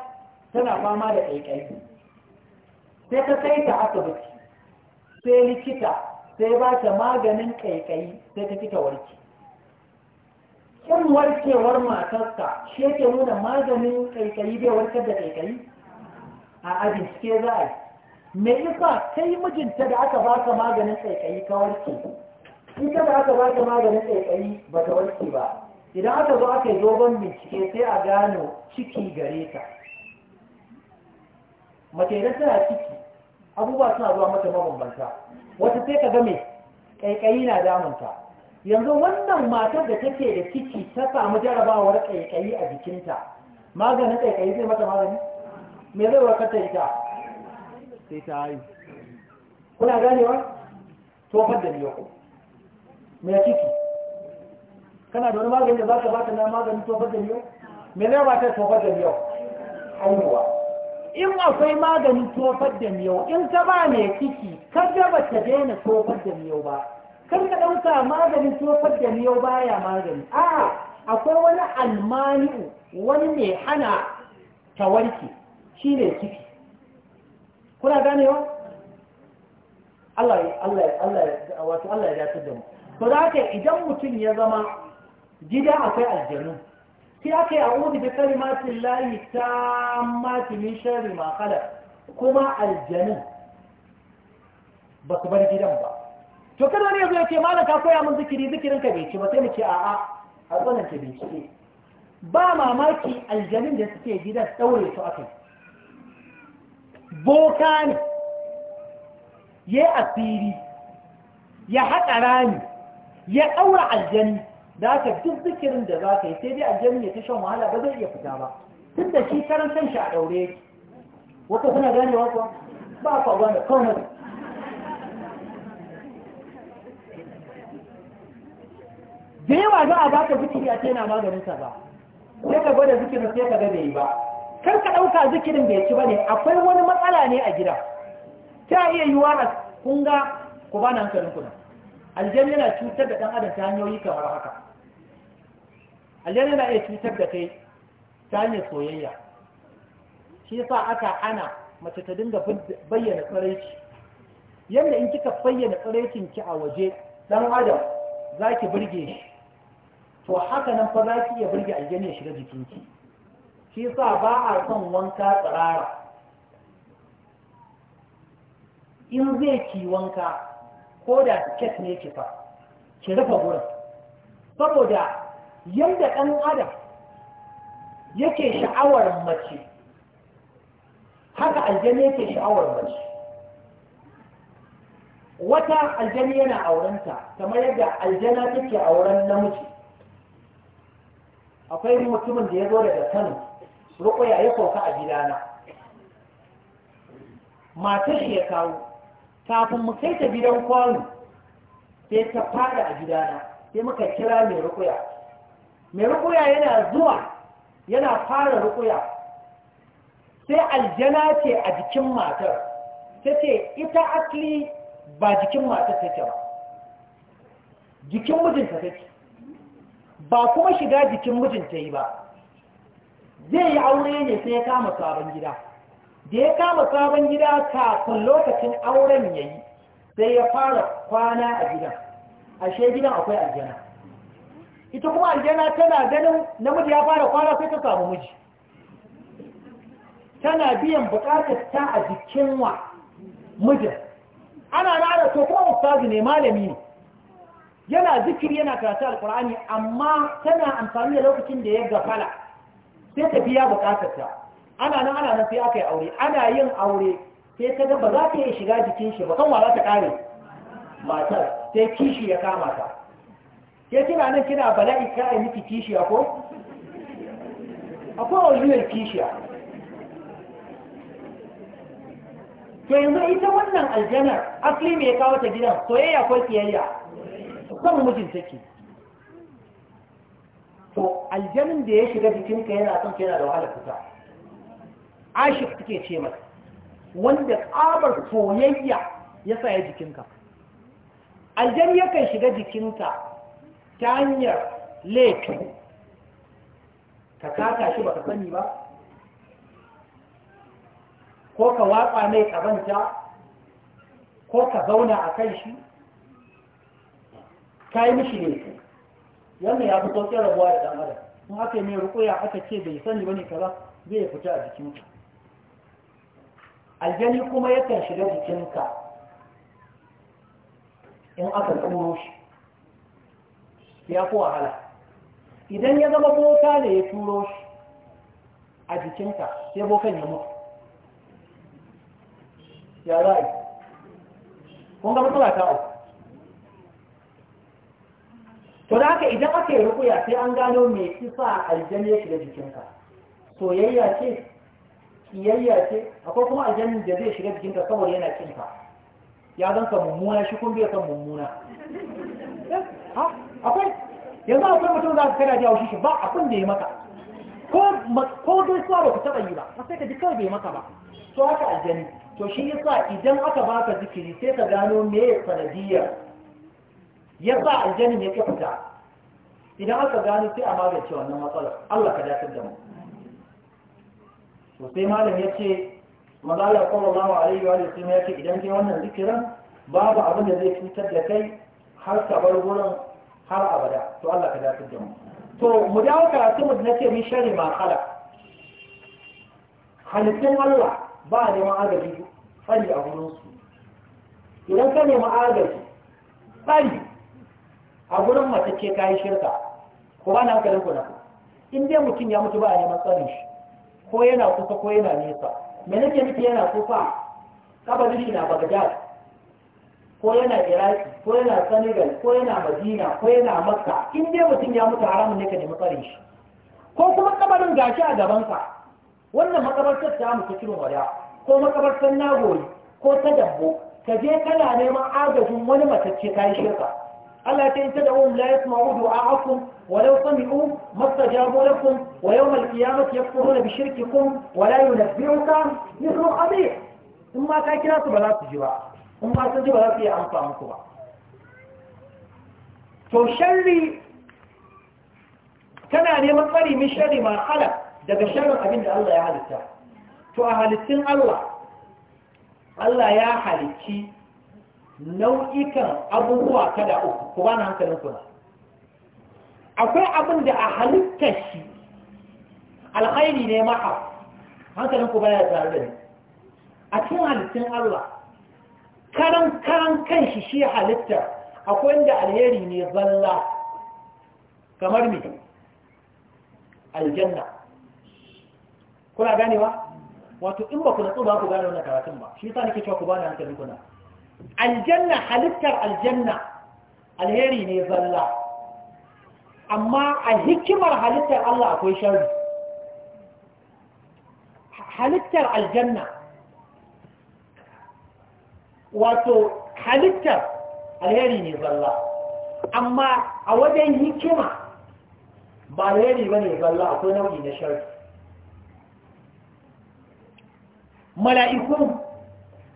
tana fama da kaikayi sai ka kai ta asibiti sai likita sai ba ta maganin kaikayi sai ta fita warke Kin warkewar matarka shi yake nuna maganin kaikayi bai warkar da kaikayi a abin ke za yi me yasa kai mijinta da aka baka maganin kaikayi ka warke in kada aka ba ta maganin ƙaiƙayi ba ta warke ba idan aka zo aka yi dogon bincike sai a gano ciki gare ta mace idan tana ciki abubuwa suna zuwa mata mabambanta wata sai ka game ƙaiƙayi na damunta yanzu wannan matar da take da ciki ta samu jarabawar ƙaiƙayi a jikinta maganin ƙaiƙayi zai mata magani me zai warkar ta ita sai ta yi kuna ganewa tofar da miyako mai ciki kana da wani magani da za ka bata na maganin tofar da miyau mai zai ta tofar da miyau haihuwa in akwai maganin tofar da miyau in ka ba mai ciki kar da ba ta daina tofar da miyau ba kar ka ɗauka maganin tofar da miyau baya magani a akwai wani almani'u wani mai hana ta warke shi ne ciki kuna ganewa Allah ya Allah ya Allah ya wato Allah ya dace da mu to da ka idan mutum ya zama gida akwai aljanu sai aka yi a wuri da kalimatin layi ta matimin shari makalar kuma aljanu ba su bar gidan ba to kada ne zai ce mana ka koya min zikiri zikirin ka bai ci ba sai mu ce a'a a wannan ke bincike ba mamaki aljanin da suke gidan daure su aka boka ne ya asiri ya haɗa rami ya ɗaura aljani da aka duk zikirin da za ka yi sai dai aljani ya ta shan wahala ba zai iya fita ba tun da shi karan san shi a ɗaure yake wata kuna gane wata ba ka gane kawai da yawa za a baka zikiri a tena maganin sa ba sai ka gwada zikirin sai ka gane ba kar ka ɗauka zikirin bai ci ba ne akwai wani matsala ne a gida ta iya yiwuwa a kunga ku ba na hankalin kuna aljanna yana cutar da ɗan adam ta hanyoyi kamar haka aljanna yana iya cutar da kai ta hanyar soyayya shi yasa aka ana mace ta dinga bayyana tsaraici yadda in kika bayyana ki a waje ɗan adam za burge shi to haka nan fa zaki iya burge aljanna ya shiga jikinki shi yasa ba a son wanka tsirara in zai ki wanka ko da tiket ne ki fa ki rufe gurin saboda yadda ɗan adam yake sha'awar mace haka aljani yake sha'awar mace wata aljani yana aurenta kamar yadda aljana take auren namiji akwai mutumin da ya zo daga kano rukwaya ya koka a gidana matar shi ya kawo kafin mu kai ta gidan kwano sai ta fara a gidana sai muka kira mai rukuya mai rukuya yana zuwa yana fara rukuya sai aljana ce a jikin matar ta ce ita asli ba jikin matar ce ba jikin mijinta ce, ba kuma shiga jikin mijinta yi ba zai yi aure ne sai ya kama sabon gida da ya kama sabon gida kafin lokacin auren ya yi sai ya fara kwana a gidan ashe gidan akwai aljana ita kuma aljana tana ganin namiji ya fara kwana sai ta samu miji tana biyan bukatar ta a jikin wa mijin ana nada to kuma ustazi ne malami ne yana zikiri yana karatu alkur'ani amma tana amfani da lokacin da ya gafala sai ta biya bukatar ta ana nan ana nan sai aka yi aure ana yin aure sai ka ga ba za ta iya shiga jikin shi ba kan wa za ta kare matar sai kishi ya kama ta ke kina nan kina bala'i ka yi miki kishiya ko akwai kishi kishiya to yanzu ita wannan aljanar asali mai kawo ta gidan soyayya ko kiyayya kan mijin take to aljanin da ya shiga jikinka yana son yana da wahalar fita ashik take ce masa wanda ƙabar soyayya ya sa ya jikinka aljan yakan shiga jikinka ta hanyar laifi ka kata shi ba ka sani ba ko ka watsa mai tsabanta ko ka zauna a kan shi ka yi mishi ne wannan ya fi sauƙin rabuwa da ɗan adam kuma aka yi mai rukuya aka ce bai sani ba ne kaza zai fita a jikinka aljani kuma yakan shiga jikinka in aka tsoro shi ya fi wahala idan ya zama bota ne ya turo shi a jikinka sai bokan ya mutu ya za yi kun ga matsala ta uku to da haka idan aka yi rukuya sai an gano mai sa aljani ya shiga jikinka soyayya ce Ƙiyayya ce akwai kuma aljannin da zai shiga jikinka saboda yana kinka ya zan ka mummuna shi kun biya san mummuna akwai yanzu akwai mutum za ka kada ji haushi shi ba abin da ya maka ko gaisuwa ba ku taɓa yi ba ba sai ka ji kawai bai maka ba to haka aljani to shi yasa idan aka baka zikiri sai ka gano me sanadiyar yasa aljanin ya ke fita idan aka gano sai a magance wannan matsalar Allah ka dace da mu to sai malam ya ce mazala kuma ma wa sallam ya ce idan kai wannan zikirin babu abin da zai cutar da kai har ka bar gurin har abada to Allah ka dace da mu to mu dawo karatu mu na ce min shari ma kala halittun Allah ba ne agaji fari a gurin su idan ka nemi agaji fari a gurin mace ce kayi shirka ko ba na hankalin ku na in dai mutum ya mutu ba a neman tsarin shi ko yana kusa ko yana nesa me nake nufi yana kusa Kaba dishi na bagdad ko yana iraki ko yana senegal ko yana madina ko yana makka in dai mutum ya mutu haramun ne ka nemi shi ko kuma kabarin gashi a gaban ka, wannan makabartar ta mutu kirin waya ko makabartar nagori ko ta dabbo ka je kana neman agajin wani matacce kayan shirka ألا تدعوهم لا يسمعوا دعاءكم ولو سمعوا ما استجابوا لكم ويوم القيامة يكفرون بشرككم ولا ينبئك مثل خبيث ثم كاي كلا سبلا تجوا ثم تجوا لا في أنفسكم فشر كان أن يمطري من شر ما خلق دقى شر أبين الله يا هذا تو السن الله الله يا حالتي nau'ikan abubuwa kada uku ku ba na hankalin kuna akwai abin da a halittar shi alkhairi ne ma'a hankalin ku baya tare da ni a cikin halittun Allah karan karan kan shi shi halitta akwai inda alheri ne zalla kamar me aljanna kuna ganewa wato in ba ku natsu ba ku gane wannan karatun ba shi yasa nake cewa ku ba na hankalin kuna aljanna halittar aljanna alheri ne zalla amma a hikimar halittar Allah akwai sharri halittar aljanna wato halittar alheri ne zalla amma a wajen hikima ba alheri ba ne zalla akwai nau'i na sharri mala'ikun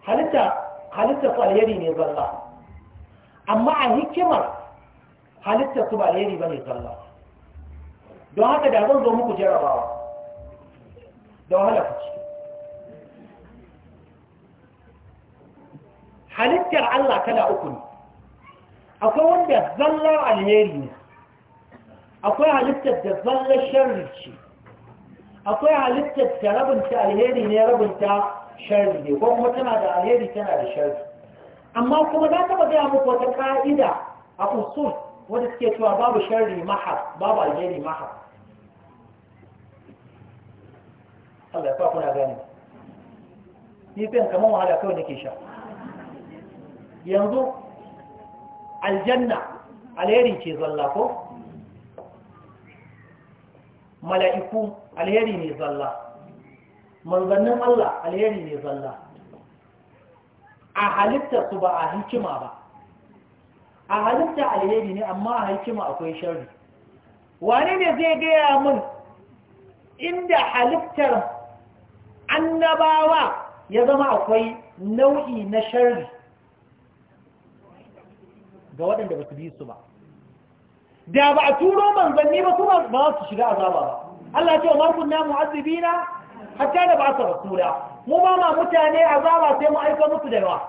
halittar. halittar su alheri ne zalla amma a hikimar halittar su ba alheri ba ne zalla don haka da zan zo muku jarabawa don hana ku ci halittar Allah kala uku ne akwai wanda zalla alheri ne akwai halittar da zalla sharri ce akwai halittar da rabinta alheri ne rabinta sharri ne ko kuma tana da alheri tana da sharri amma kuma na taɓa gaya muku wata ka'ida a usul wanda suke cewa babu sharri maha babu alheri maha Allah ya fa kuna gani ni fen kamar wahala kawai nake sha yanzu aljanna alheri ce zalla ko mala'iku alheri ne zalla manzannin Allah alheri ne zalla a halitta su ba a hikima ba a halitta alheri ne amma a hikima akwai sharri wane ne zai gaya mun inda halittar annabawa ya zama akwai nau'i na sharri ga waɗanda ba su bi su ba da ba a turo manzanni ba kuma ba su shiga azaba ba Allah ce wa markun na hatta da ba su rasula mu ba ma mutane azaba sai mu aika musu da yawa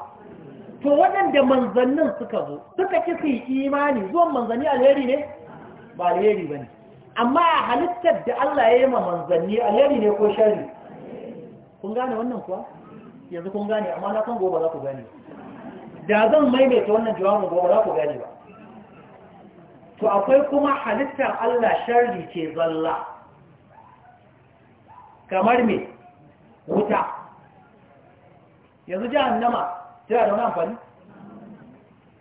to waɗanda manzannin suka zo suka ci su imani zuwan manzanni alheri ne ba alheri ba ne amma a halittar da Allah ya yi ma manzanni alheri ne ko shari kun gane wannan kuwa yanzu kun gane amma na kan gobe za ku gane da zan maimaita wannan jawabin gobe za ku gane ba to akwai kuma halittar Allah shari ce zalla kamar me wuta yanzu jihar Nama tira da wani amfani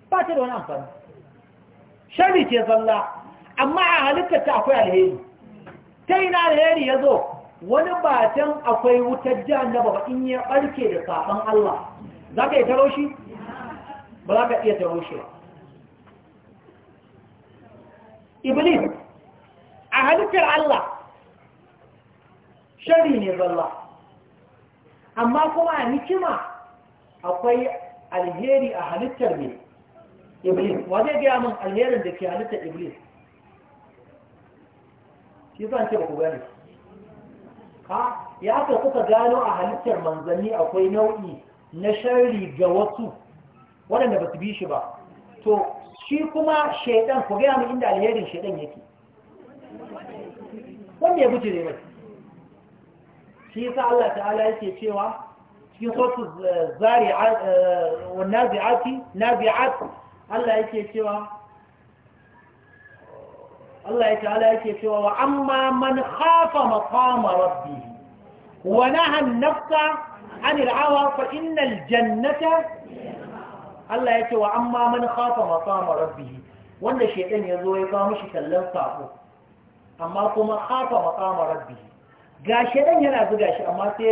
ba ta da wani amfani shari ce zalla amma a halittar ta akwai alheri ta yi na alheri ya zo wani batan akwai wutar nama ba in ya barke da sabon Allah za ka yi taro shi ba za ka iya taro shi ba iblis a halittar Allah shari ne zalla amma kuma a nikima akwai alheri a halittar ne iblis waje gaya min alherin da ke halittar iblis shi zan ce ku gani ha ya ka kuka gano a halittar manzanni akwai nau'i na shari ga wasu waɗanda ba su bi shi ba to shi kuma shaidan ku gaya min inda alherin shaidan yake wanda ya buje ne mai shi yasa Allah ta'ala yake cewa cikin sautu eh, zari'at eh, wa nazi'ati nazi'at Allah yake cewa Allah ta'ala yake cewa wa amma man khafa maqama rabbih wa naha an-nafsa 'anil 'awa fa innal jannata Allah yake wa amma man khafa maqama rabbih wanda shedan yazo ya kawo mishi kallon sako amma kuma khafa maqama rabbih ga shaidan yana buga shi amma sai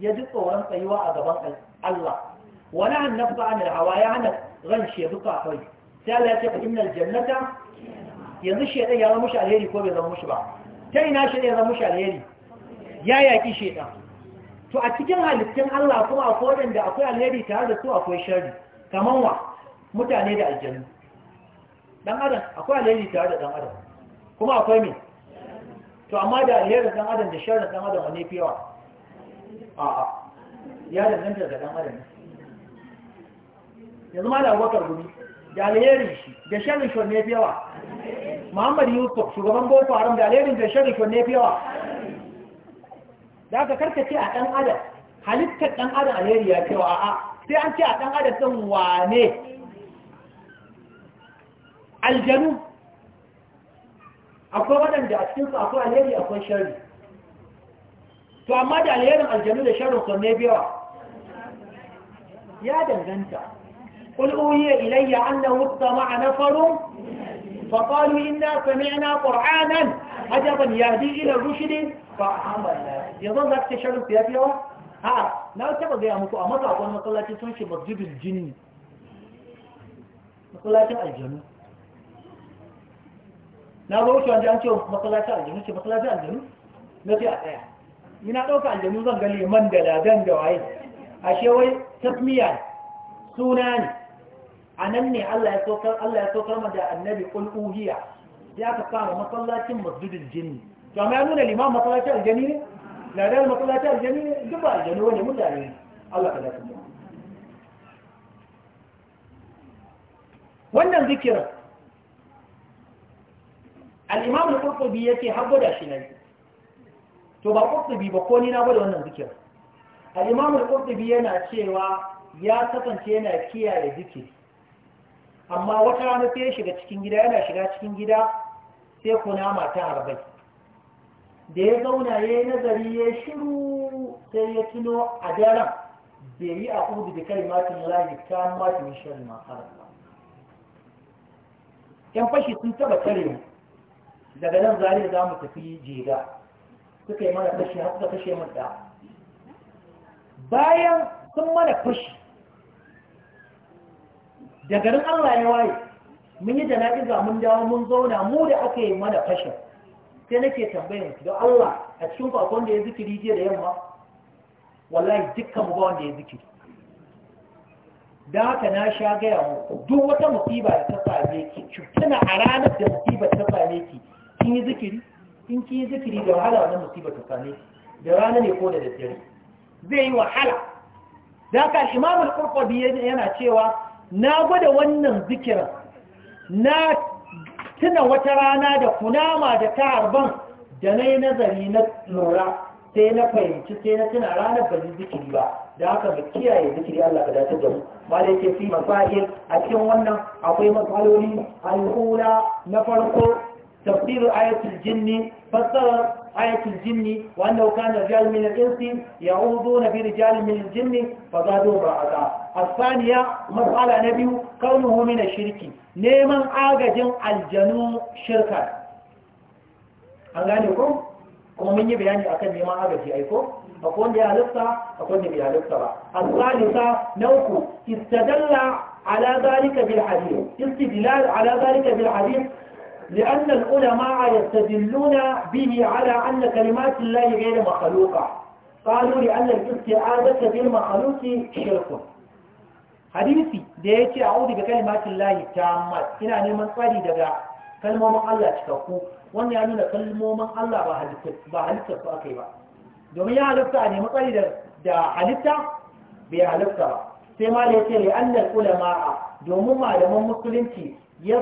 ya ji tsoron tsayuwa a gaban Allah wani an nafsa an hawa ya hana ran shi ya buka kai sai Allah ya ce fa innal jannata yanzu shedan ya zama mushi alheri ko bai zama mushi ba ta ina shi ne ya zama mushi alheri ya yaki shedan to a cikin halittun Allah kuma akwai wadanda akwai alheri tare da su akwai sharri kaman wa mutane da aljanu? dan adam akwai alheri tare da dan adam kuma akwai me to amma da alherin dan adam da sharrin dan adam wane fi yawa a'a ya danganta da dan adam yanzu ma da abubakar gumi da alherin shi da sharrin shi wane fi yawa muhammad yusuf shugaban boko haram da alherin da sharrin shi wane fi yawa da aka karkace a dan adam halittar dan adam alheri ya fi yawa a'a sai an ce a dan adam din wane aljanu akwai waɗanda a cikin su akwai alheri akwai shari, to amma da alherin aljanu da sharrin sun ne biyawa ya danganta قل أوهي إلي أنه استمع نفر فقالوا إنا سمعنا قرآنا عجبا يهدي إلى الرشد فأعملنا يظن ذلك تشرب فيها فيها ha na taba gaya muku a matsakon matsalaci sun shi masjidul jini matsalacin aljanu na zo wuce wanda an ce masallaci aljanu ce masallaci aljanu na ce a tsaya ina ɗauka aljanu zan ga liman da ladan da waye ashe wai tasmiya suna ne a nan ne Allah ya saukar ma da annabi ƙul'uhiya ya ka fara masallacin masudin jini to amma ya nuna liman masallacin aljani ne ladan masallacin aljani ne duk ba aljanu wani mutane ne Allah ka dace wannan zikirar al’imam da al yake har gwada shi nayi to ba qurtubi ba ko ni na gwada wannan zikir al’imam da al yana cewa ya kasance yana kiyaye zikiri amma wata rana sai ya shiga cikin gida yana shiga cikin gida sai kunama ta harbai da ya zauna ya yi nazari ya shiru sai ya tuno a daren bai yi a kudu da kai matin lahi ta matin shirin masarar yan fashi sun taba tare mu daga nan zariya za mu tafi jega suka yi mana fashi har suka kashe mun da bayan sun mana fashi da garin Allah ya waye mun yi jana'iza mun dawo mun zauna mu da aka yi mana fashi. sai nake tambayin da Allah a cikin ku akwai wanda ya zikiri jiya da yamma wallahi dukkan mu ba wanda ya zikiri da haka na sha gaya mu duk wata musiba da ta same ki cutuna a ranar da musiba ta same ki kin yi zikiri kin kin yi zikiri da wahala wannan musiba ta same da rana ne ko da daddare zai yi wahala da ka imam al-qurtubi yana cewa na gwada wannan zikira na tuna wata rana da kunama da ta da nayi nazari na lura sai na fahimci sai na tuna ranar ba zikiri ba da haka ba kiyaye zikiri Allah ka dace da mu ma da yake fi masail a cikin wannan akwai matsaloli alhura na farko تفسير آية الجن فسر آية الجن وأنه كان رجال من الإنس يعوذون برجال من الجن فزادوا رعدا الثانية مسألة نبي كونه من الشرك نيمان آجا الجنو شركا أنغانيكم kuma mun yi bayani akan neman agaji aiko akwai wanda ya halitta akwai wanda bai halitta ba al-salisa na uku istadalla ala zalika bil لأن العلماء يستدلون به على أن كلمات الله غير مخلوقة قالوا لأن الاستعاذة بالمخلوق شرك hadisi da ya ce a'udu bi kalimatin lahi tammat ina neman tsari daga kalmomin Allah cikakku wannan ya nuna kalmomin Allah ba halitta ba halitta ba domin ya halitta a nemi tsari da halitta bai halarta ba sai ma da ya ce domin malaman musulunci ya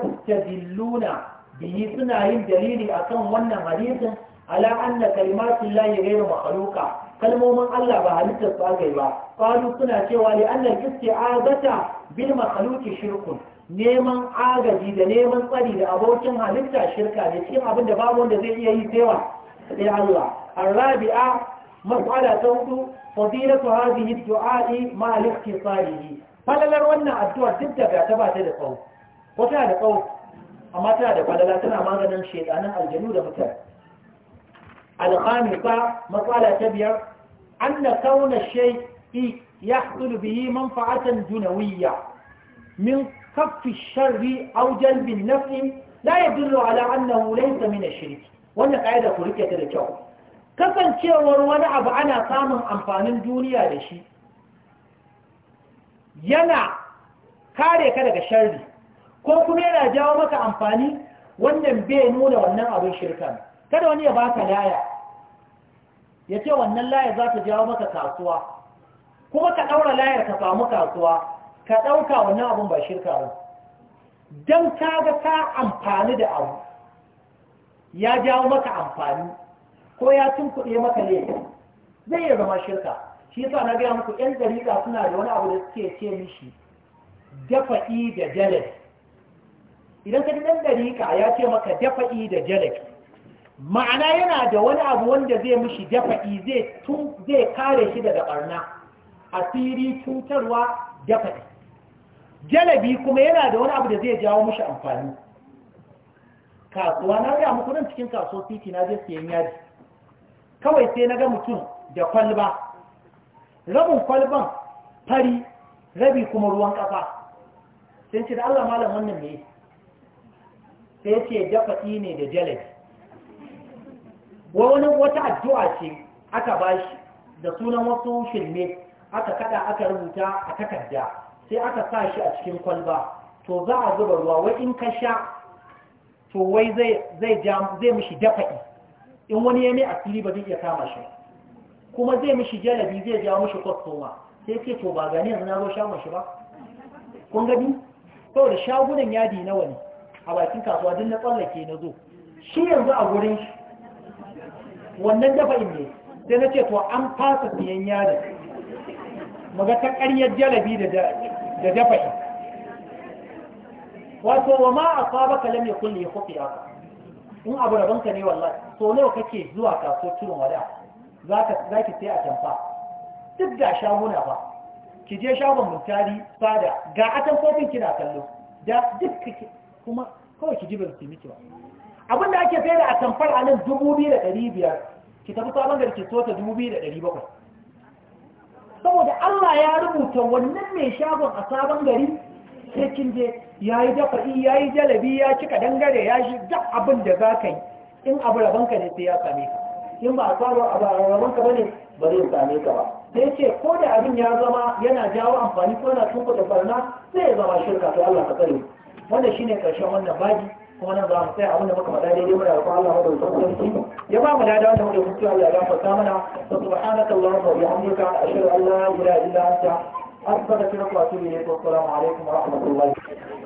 bihi suna yin dalili akan wannan hadisin ala anna kalimatin lahi ghairu makhluqa kalmomin Allah ba halittar ba kai ba qalu suna cewa li anna isti'azata bil makhluqi shirkun neman agaji da neman tsari da abokin halitta shirka da cikin abin da babu wanda zai iya yi tsewa sai Allah arabi'a mas'ala ta hudu fadilatu hadhihi du'a'i ma al-ikhtisarihi falalar wannan addu'ar duk da ta ba ta da tsawo ko ta da tsawo amma tana da falala tana maganin shaidanin aljanu da mutane alhamisa matsala ta biyar an na kauna shai'i ya hasulu biyi manfa'atan dunawiyya min kaffi sharri aw jalbin naf'in la yadullu ala annahu wulai min ash-shirk wannan kaida ku rike ta da kyau kasancewar wani abu ana samun amfanin duniya da shi yana kare ka daga sharri ko kuma yana jawo maka amfani wannan bai nuna wannan abin shirka kada wani ya baka laya ya ce wannan laya za ta jawo maka kasuwa kuma ka ɗaura layar ka samu kasuwa ka ɗauka wannan abin ba shirka ba don ga ka amfani da abu ya jawo maka amfani ko ya tunkuɗe maka laifi zai iya zama shirka shi sa na gaya muku 'yan jarida suna da wani abu da suke ce mishi dafa'i da jalabi idan ka dan dariƙa ya ce maka dafa'i da jalaki ma'ana yana da wani abu wanda zai mishi dafa'i zai tun zai kare shi daga barna asiri cutarwa dafa'i jalabi kuma yana da wani abu da zai jawo mishi amfani kasuwa na ga muku nan cikin kasuwar titi na je siyan yaji kawai sai na ga mutum da kwalba rabin kwalban fari rabi kuma ruwan kafa sai ce da Allah malam wannan ne sai ce dafaɗi ne da jalabi wani wata addu'a ce aka bashi da sunan wasu shirme aka kada aka rubuta a takarda sai aka sa shi a cikin kwalba to za a zuba ruwa wai in ka sha to wai zai zai mishi dafaɗi in wani ya mai asiri ba zai iya kama shi kuma zai mishi jalabi zai jawo mishi kwastoma sai ce to ba gani yanzu na zo shagon shi ba kun gani saboda shagunan yadi nawa ne a bakin kasuwa duk na tsallake na zo shi yanzu a wurin shi wannan dafa ne sai na ce to an fasa siyan yaron maga ta ƙaryar jalabi da dafa in wato wa ma a saba kalam ya kulle ya kofi aka in abu da ne wallahi To nawa kake zuwa kasuwar turin wada za ki sai a tamfa duk da shaguna ba ki je shagon mutari fada ga atamfofin kina kallo da duk kuma kawai ki jibin su miki ba abin da ake da a tamfar a nan dubu biyu da ɗari biyar ki tafi sabon da ki so ta dubu biyu da ɗari bakwai saboda Allah ya rubuta wannan mai shagon a sabon gari sai kin je ya yi dafa'i ya yi jalabi ya cika dangare ya shi duk abin da za ka yi in abu ka ne sai ya same ka in ba a samu abu ka ba ne ba zai same ka ba sai ce ko da abin ya zama yana jawo amfani ko yana tunkuta barna sai ya zama shirka to Allah ka tsare wannan shine karshen wannan baki kuma nan za mu tsaya abin da muka faɗa daidai muna roƙon Allah da wasu sarki ya ba mu lada wanda muke mutuwa Allah ya fata mana wa subhanaka allahumma wa bihamdika ashhadu an la ilaha illa anta astaghfiruka wa atubu ilayk wa assalamu alaikum wa rahmatullahi